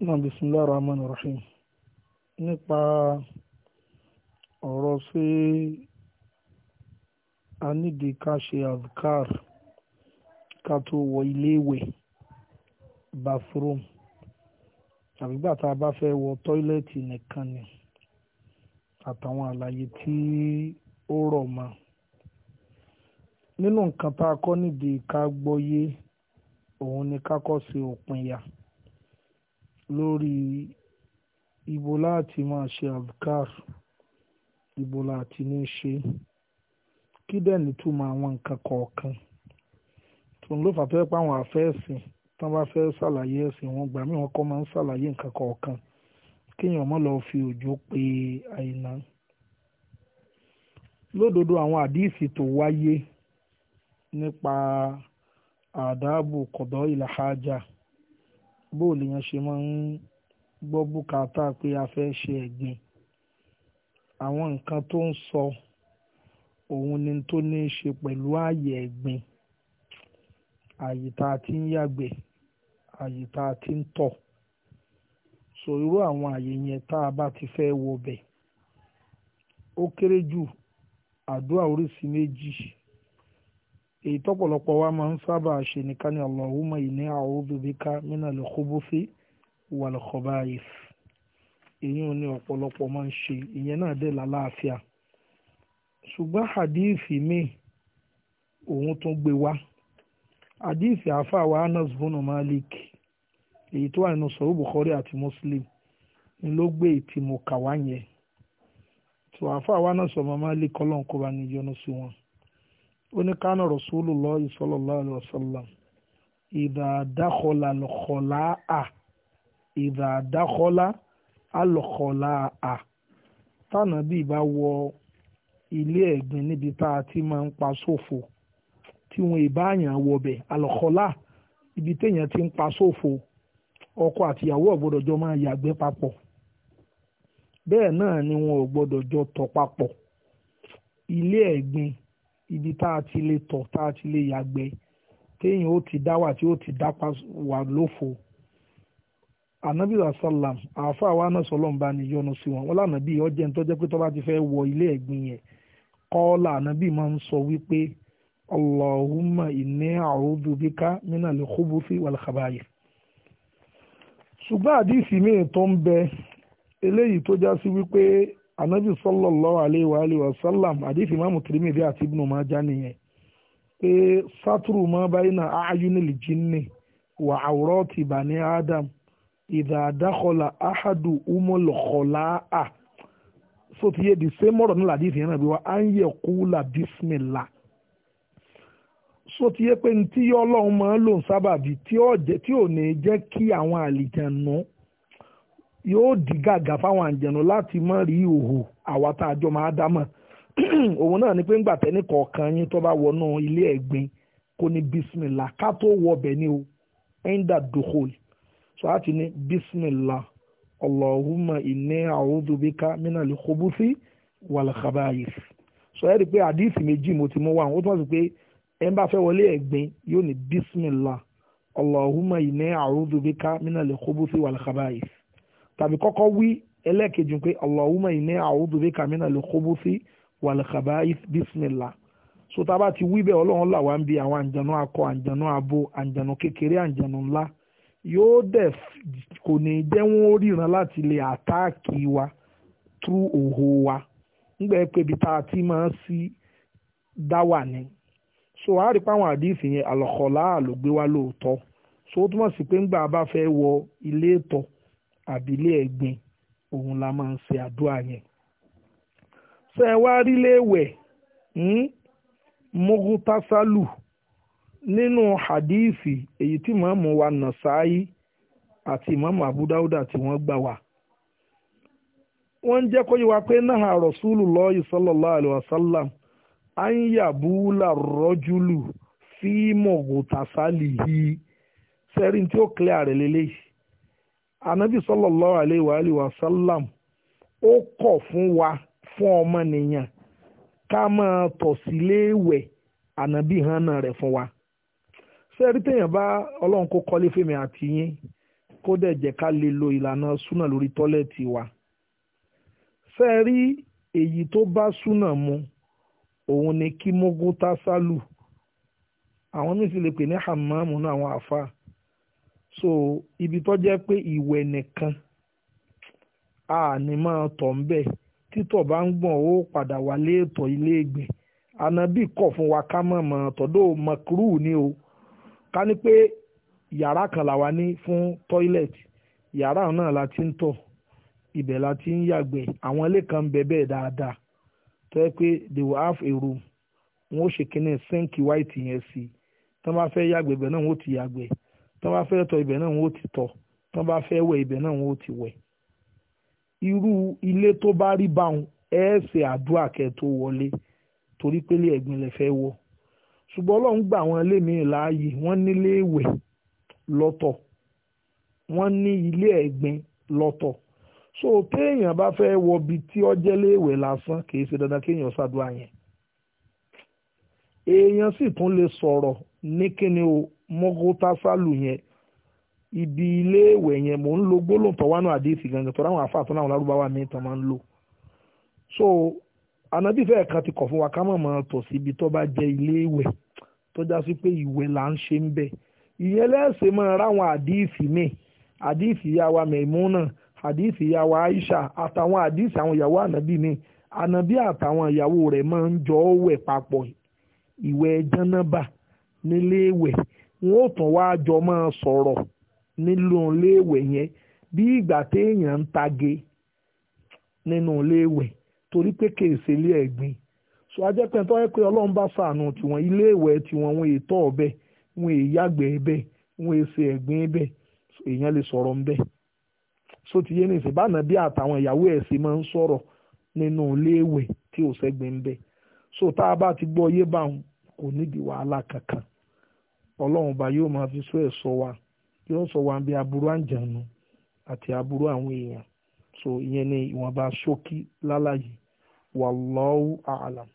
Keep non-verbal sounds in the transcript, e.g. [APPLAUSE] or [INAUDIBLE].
náà bisimilahi rahman rahim nípa ọ̀rọ̀ sí a nídìí azkar ká tó wọ iléèwẹ̀ bathroom àbígbà tá a bá fẹ́ wọ tọ́ílẹ̀tì nìkan ni àtàwọn àlàyé tí ó rọ̀ mọ́ nínú nǹkan tá a kọ́ nídìí ká gbọ́yé òun ni ká kọ́ sí òpin ya lórí ibo láti máa ṣe abukar ibo láti ní ṣe kí dẹ̀ nítumọ̀ àwọn nǹkan kọ̀ọ̀kan tó ń lò fà fẹ́ pàwọn àfẹ́ẹ̀sìn tí wọ́n bá fẹ́ ṣàlàyé ẹ̀sìn wọn gbà mí wọn kọ́ máa ń ṣàlàyé nǹkan kọ̀ọ̀kan kéèyàn mọ́ lọ́ọ́ fi òjò pe àìná lódodo àwọn àdíìsì tó wáyé nípa àdáàbò kọ̀dọ̀ ìlàhájà bó o lèèyàn ṣe máa ń gbọ́ bùkátà pé a fẹ́ ṣe ẹ̀gbìn àwọn nǹkan tó ń sọ òun ni tó ní í ṣe pẹ̀lú ààyè ẹ̀gbìn ààyè tá a ti ń yàgbẹ́ ààyè tá a ti ń tọ̀ so irú àwọn ààyè yẹn tá a bá ti fẹ́ wọbẹ̀ ó kéré jù àdúrà oríṣi méjì èyí tọ́pọ̀lọpọ̀ wa máa ń sábà ṣe nìkan ní Allahumma inni a'udhu bika minal khubuthi wal khaba'ith èyí ò ní ọ̀pọ̀lọpọ̀ máa ń ṣe ìyẹn náà dẹ̀ lálàáfíà ṣùgbọ́n hadithi míì òun tún gbé wá hadithi àáfàá wa Anas bono Malik èyí tó wà nínú sọ̀rọ̀ Bukhari àti Muslim ni ló gbé ìtìmọ̀ kàwá yẹn tó àáfàá wa Anas ọmọ Malik kọ́lọ́n kó bá ní yọ́nú sí wọn ó ní kánà Rasulullahi sallallahu alaihi wasallam ìdá dákọlá lọ́kọlá à ìdá dákọlá àlọ́kọlá à tànàbí bá wọ ilé ẹ̀gbin níbi tá a ti máa ń pa ṣòfò tí wọn ìbá àyàn wọbẹ̀ àlọ́kọlá ibi téèyàn ti ń pa ṣòfò ọkọ àtìyàwó ò gbọ́dọ̀ jọ máa yàgbẹ́ papọ̀ bẹ́ẹ̀ ni wọn ò gbọ́dọ̀ jọ tọ̀ papọ̀ ilé ibi tá a ti lè tọ̀ tá a ti lè yàgbẹ́ téèyàn ó ti dá wà tí ó ti dápa wà lófo ànábì rasalam àáfàá wa náà sọlọ́n bá ní yọ́nú sí wọn wọn lànàbí ọjẹ́ ń tọ́jẹ́ pé tó bá ti fẹ́ wọ ilé ẹ̀gbin yẹn kọ́ọ́lá ànábì máa ń sọ wípé allahumma inni a'udhu bika minal khubuthi wal khaba'ith ṣùgbọ́n àdìsí míì tó ń bẹ eléyìí tó já sí wípé anabi sallallahu alayhi wa alayhi wa sallam àdìsí ìmáàmù tìrìmìrì àti ibùnú máa já nìyẹn pé sátúrù máa báyìí náà àáyúnilì jinni wà àwòrán ti bani adam ìdá àdákọlà ahadu umolokọlá a so ti yé di same ọ̀rọ̀ nílà àdìsí yẹn náà bí wa à ń yẹ kúlà bísímìlà so ti yé pé ní tí yọ ọlọ́run máa ń lò sábàbí tí ò ní jẹ́ kí àwọn àlìjànú. No yóò dì gàgà fáwọn àǹjẹ̀nù láti mọ́ rí ìhòhò àwa tá a jọ máa dá [CLEARS THROAT] òun náà ni pé ń gbàtẹ́ ní kọ̀ọ̀kan yín tó bá wọnú ilé ẹ̀gbin kó ní bisimilá ká tó wọbẹ̀ ní o ẹ̀ńdà dòkòlì so a ti ní bisimilá Allahumma inni a'udhu bika minal khubuthi wal khaba'ith so ẹ rí i pé àdíìsì méjì mo ti mú wá ó túmọ̀ sí pé ẹ ń bá fẹ́ wọlé ẹ̀gbin yóò ní bisimilá Allahumma inni a'udhu bika minal khubuthi wal khaba'ith tàbí kọ́kọ́ wí ẹlẹ́ẹ̀kejì pé allahumma inni a'udhu bika minal khubuthi wal khaba'ith bismillah so tá a bá ti wí bẹ́ẹ̀ ọlọ́run là wá ń bi àwọn àǹjànú akọ àǹjànú abo àǹjànú kékeré àǹjànú ńlá yóò dẹ̀ kò ní jẹ́ wọ́n ríran láti lè àtáàkì wa tú òhò wa ńgbà pé tá a ti máa sí dá wà so a rí páwọn àdìsí yẹn àlọ́kọ̀ọ́lá àlògbé wa lóòótọ́ so ó túmọ̀ sí pé ńgbà bá fẹ́ wọ ilé ìtọ̀ àbílẹ̀ ẹ̀gbin òun la máa ń ṣe àdúrà yẹn. ṣé ẹ wá hmm? nínú hadithi èyí tí màmú wa Nasa'i àti ìmáàmù àbúdáwúdà tí wọ́n gbà wá. wọ́n ń jẹ́ kó wa pé náà sallallahu ala wasallam á ń yàbúlà rọ́júlù fí mọ̀gòtàsálì yìí sẹ́rin tí ó kílẹ̀ anabi sallallahu alayhi wa alayhi wa sallam ó kọ̀ fún wa fún ọmọnìyàn ká máa tọ̀ sílé ìwẹ̀ ànábì hànà rẹ̀ fún wa sẹ́ẹ̀rí téèyàn bá ọlọ́run kó kọ́lé fèmí àti yín kó dẹ̀ jẹ́ ká lè lo ìlànà súnà lórí tọ́lẹ̀tì wa sẹ́ẹ̀rí èyí tó bá súnà mu òun ni kí mógún tá sálù àwọn míì sì lè pè ní hàmáàmù náà àwọn àfáà so ibi tó jẹ́ pé ìwẹ̀ nìkan a ní máa tọ̀ ń bẹ̀ títọ̀ bá ń gbọ̀n ó padà wálé ètò ilé ìgbẹ́ ànábì kọ̀ fún wa ká mọ̀ mọ̀ tọ́dọ̀ mọ̀kúrú ni o ká ní pé yàrá kan wà ní fún tọ́ílẹ̀tì yàrá náà la ti ń tọ̀ ibẹ̀ la ti ń yàgbẹ́ àwọn ilé kan bẹ bẹ́ẹ̀ dáadáa tó yẹ pé they will have a room wọn ó ṣe kínní sínkì white yẹn sí i tí wọ́n bá fẹ́ yàgbẹ́ bẹ́ẹ̀ náà wọ́n ti yàgbẹ́ tó bá fẹ́ tọ̀ ibẹ̀ náà wọn ó ti tọ̀ tó bá fẹ́ wẹ̀ ibẹ̀ náà wọn ó ti wẹ̀ irú ilé tó bá rí báwọn ẹ àdúrà kẹ wọlé torí pélé ẹ̀gbin lẹ fẹ́ wọ ṣùgbọ́n ọlọ́run gbà wọn lé mi láàyè wọ́n nílé ìwẹ̀ lọ́tọ̀ wọ́n ní ilé ẹ̀gbin lọ́tọ̀ so téèyàn bá fẹ́ wọbi tí ọjẹ́ léèwẹ̀ lásán kì í ṣe dandan kéèyàn ṣàdúrà yẹn èèyàn sì tún lè sọ̀rọ̀ ní kíni o mọ́gótásálù yẹn ibi ilé ìwẹ̀ yẹn mò ń lo gbólóhùn tó wà náà àdéhìsì gangan tó ráwọn àfáà tó náà lárúbáwá mi tán máa ń lò so anabi fẹ́ẹ̀ kan ti kọ̀ fún wa ká mọ̀ mọ́ tọ̀ sí ibi tó bá jẹ́ ilé ìwẹ̀ tó já sí pé ìwẹ̀ là ń ṣe ń bẹ̀ ìyẹn lẹ́sẹ̀ máa ráwọn àdéhìsì mi àdéhìsì ìyá wa Maimuna àdéhìsì ìyá wa Aisha àtàwọn àdéhìsì àwọn ìyàwó anabi mi anabi àtàwọn ìyàwó rẹ̀ máa ń jọ wẹ̀ papọ̀ ìwẹ̀ jánábà nílé ìwẹ̀ wọn ò tún wá jọ máa sọ̀rọ̀ nílò iléèwẹ̀ yẹn bí ìgbà téèyàn ń tage nínú iléèwẹ̀ torí pé kì í ṣe ilé so ajẹ́pẹ́ tó yẹ pé ọlọ́run bá ṣàánú tiwọn iléèwẹ̀ tiwọn wọn ètò wọn èyàgbẹ́ wọn èsè èèyàn lè sọ̀rọ̀ ti yé ní ìsìn bá nàbí àtàwọn ìyàwó ẹ̀ sì máa ń sọ̀rọ̀ nínú tí so ti gbọ́ yé ọlọ́run ọba yóò máa fi sọ ẹ̀ sọ wa yóò sọ wa bí aburú àǹjànú àti aburú àwọn èèyàn so ìyẹn ni ìwọ̀nba ṣókí lálàyé wallahu a'lam.